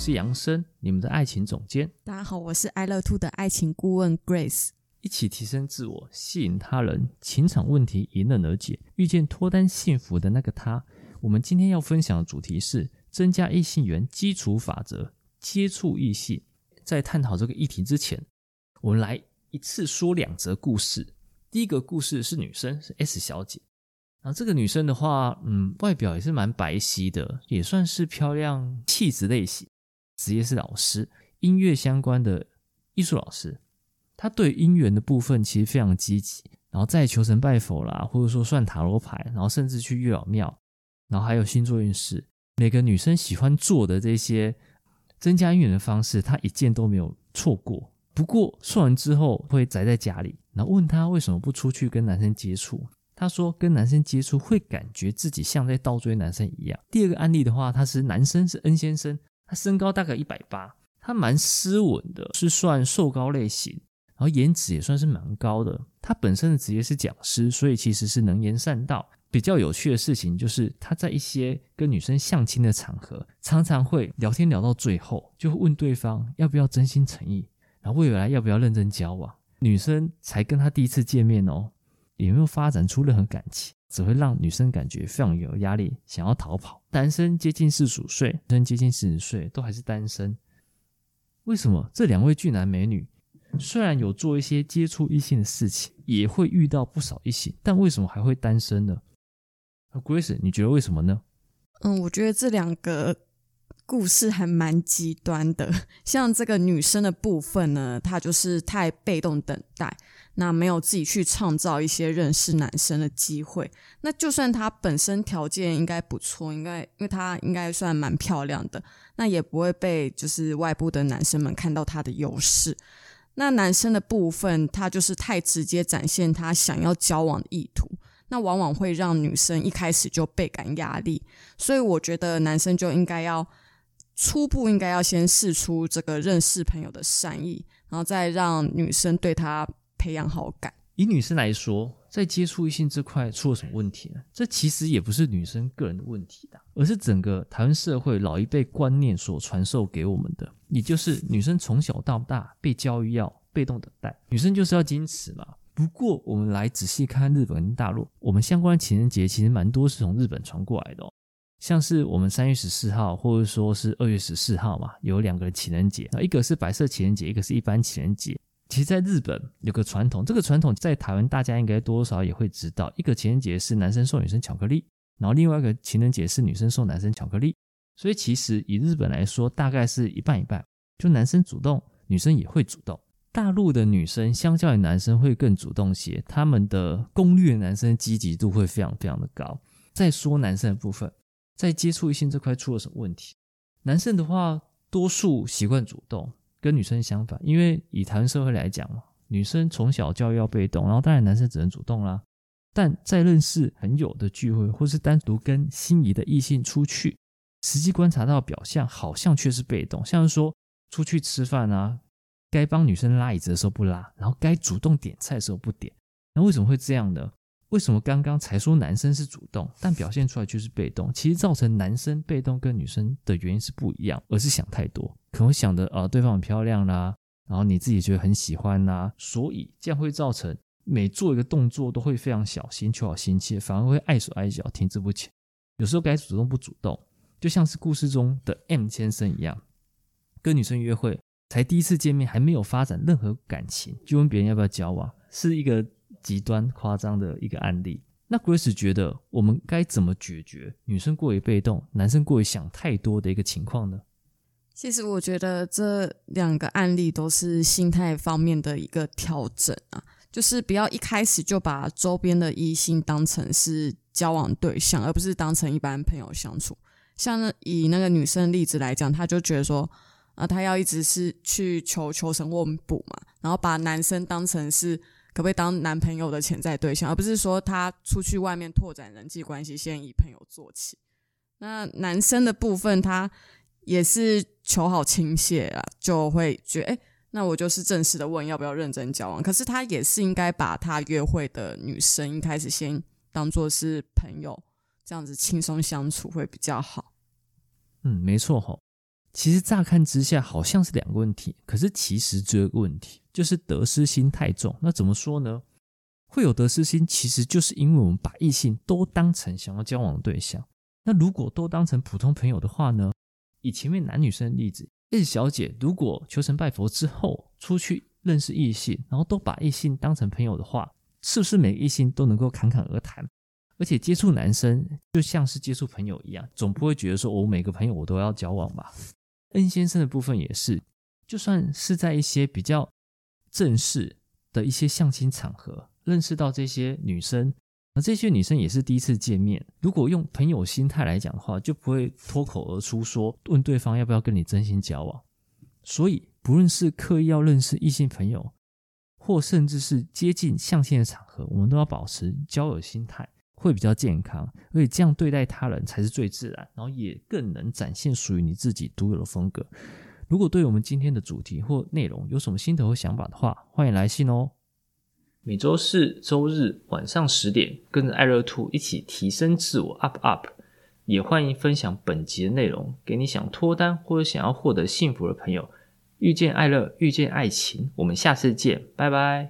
我是 Sam，你們的愛情總監。大家好，我是愛樂 Two 的愛情顧問 Grace。一起提升自我，吸引他人，情場問題迎刃而解，遇見脫單幸福的那個他。我們今天要分享的主題是增加異性緣基礎法則，接觸異性。在探討這個議題之前，我們來一次說兩則故事。第一個故事是女生，是 S 小姐。然後這個女生的話，嗯，外表也是蠻白皙的，也算是漂亮氣質類型。職業是老師，音樂相關的藝術老師。他對姻緣的部分其實非常積極，然後在求神拜佛啦，或者說算塔羅牌，然後甚至去月老廟，然後還有星座運勢，每個女生喜歡做的這些增加姻緣的方式，他一件都沒有錯過。不過做完之後會宅在家裡，然後問他為什麼不出去跟男生接觸，他說跟男生接觸會感覺自己像在倒追男生一樣。第二個案例的話，他是男生，是 N 先生。他身高大概一百八，他蠻斯文的，是算瘦高類型，然後顏值也算是蠻高的。他本身的職業是講師，所以其實是能言善道。比較有趣的事情就是，他在一些跟女生相親的場合，常常會聊天聊到最後，就會問對方要不要真心誠意，然後未來要不要認真交往。女生才跟他第一次見面哦，也沒有發展出任何感情，只會讓女生感覺非常有壓力，想要逃跑。男生接近四十五歲，女生接近四十歲都還是單身，為什麼這兩位俊男美女雖然有做一些接觸異性的事情，也會遇到不少異性，但為什麼還會單身呢？Grace，你覺得為什麼呢？嗯，我覺得這兩個。故事還蠻極端的，像這個女生的部分呢，她就是太被動等待，那沒有自己去創造一些認識男生的機會。那就算她本身條件應該不錯，應該因為她應該算蠻漂亮的，那也不會被就是外部的男生們看到她的優勢。那男生的部分，他就是太直接展現他想要交往的意圖，那往往會讓女生一開始就倍感壓力。所以我覺得男生就應該要。初步應該要先釋出這個認識朋友的善意，然後再讓女生對他培養好感。以女生來說，在接觸異性這塊出了什麼問題呢？這其實也不是女生個人的問題的，而是整個台灣社會老一輩觀念所傳授給我們的，也就是女生從小到大被教育要被動等待，女生就是要矜持嘛。不過，我們來仔細看看日本跟大陸，我們相關的情人節其實蠻多是從日本傳過來的哦。像是我們三月十四號，或者說是二月十四號嘛，有兩個情人節，一個是白色情人節，一個是一般情人節。其實在日本有個傳統，這個傳統在台灣大家應該多少也會知道。一個情人節是男生送女生巧克力，然後另外一個情人節是女生送男生巧克力。所以其實以日本來說，大概是一半一半，就男生主動，女生也會主動。大陸的女生相較於男生會更主動些，他們的攻略男生積極度會非常非常的高。再說男生的部分。在接觸異性這塊出了什麼問題？男生的話，多數習慣主動，跟女生相反，因為以台灣社會來講嘛，女生從小教育要被動，然後當然男生只能主動啦。但在認識很久的聚會，或是單獨跟心儀的異性出去，實際觀察到表象，好像卻是被動，像是說出去吃飯啊，該幫女生拉椅子的時候不拉，然後該主動點菜的時候不點，那為什麼會這樣呢？為什麼剛剛才說男生是主動，但表現出來卻是被動？其實造成男生被動跟女生的原因是不一樣，而是想太多，可能會想的啊、呃、對方很漂亮啦、啊，然後你自己覺得很喜歡吶、啊，所以這樣會造成每做一個動作都會非常小心、求好心切，反而會礙手礙腳、停滯不前。有時候該主動不主動，就像是故事中的 N 先生一樣，跟女生約會才第一次見面，還沒有發展任何感情，就問別人要不要交往，是一個。極端誇張的一個案例，那 Grace 覺得我們該怎麼解決女生過於被動、男生過於想太多的一個情況呢？其實我覺得這兩個案例都是心態方面的一個調整啊，就是不要一開始就把周邊的異性當成是交往對象，而不是當成一般朋友相處。像那，以那個女生的例子來講，她就覺得說啊，她要一直是去求求神問卜嘛，然後把男生當成是。可不可以當男朋友的潛在對象，而不是說他出去外面拓展人際關係，先以朋友做起。那男生的部分，他也是求好心切啊，就會覺得，哎，那我就是正式的問要不要認真交往。可是他也是應該把他約會的女生一開始先當做是朋友，這樣子輕鬆相處會比較好。嗯，沒錯吼、哦。其實乍看之下好像是兩個問題，可是其實只有一個問題，就是得失心太重。那怎麼說呢？會有得失心，其實就是因為我們把異性都當成想要交往的對象。那如果都當成普通朋友的話呢？以前面男女生的例子，S 小姐如果求神拜佛之後出去認識異性，然後都把異性當成朋友的話，是不是每個異性都能夠侃侃而談？而且接觸男生就像是接觸朋友一樣，總不會覺得說我每個朋友我都要交往吧？N 先生的部分也是，就算是在一些比較正式的一些相親場合，認識到這些女生，那這些女生也是第一次見面。如果用朋友心態來講的話，就不會脫口而出說問對方要不要跟你真心交往。所以，不論是刻意要認識異性朋友，或甚至是接近相親的場合，我們都要保持交友心態，會比較健康，所以這樣對待他人才是最自然，然後也更能展現屬於你自己獨有的風格。如果對我們今天的主題或內容有什麼心得和想法的話，歡迎來信哦。每周四、周日晚上十點，跟着愛樂 Two 一起提升自我，up up。也歡迎分享本集的內容給你想脫單或者想要獲得幸福的朋友。遇見愛樂，遇見愛情，我們下次見，拜拜。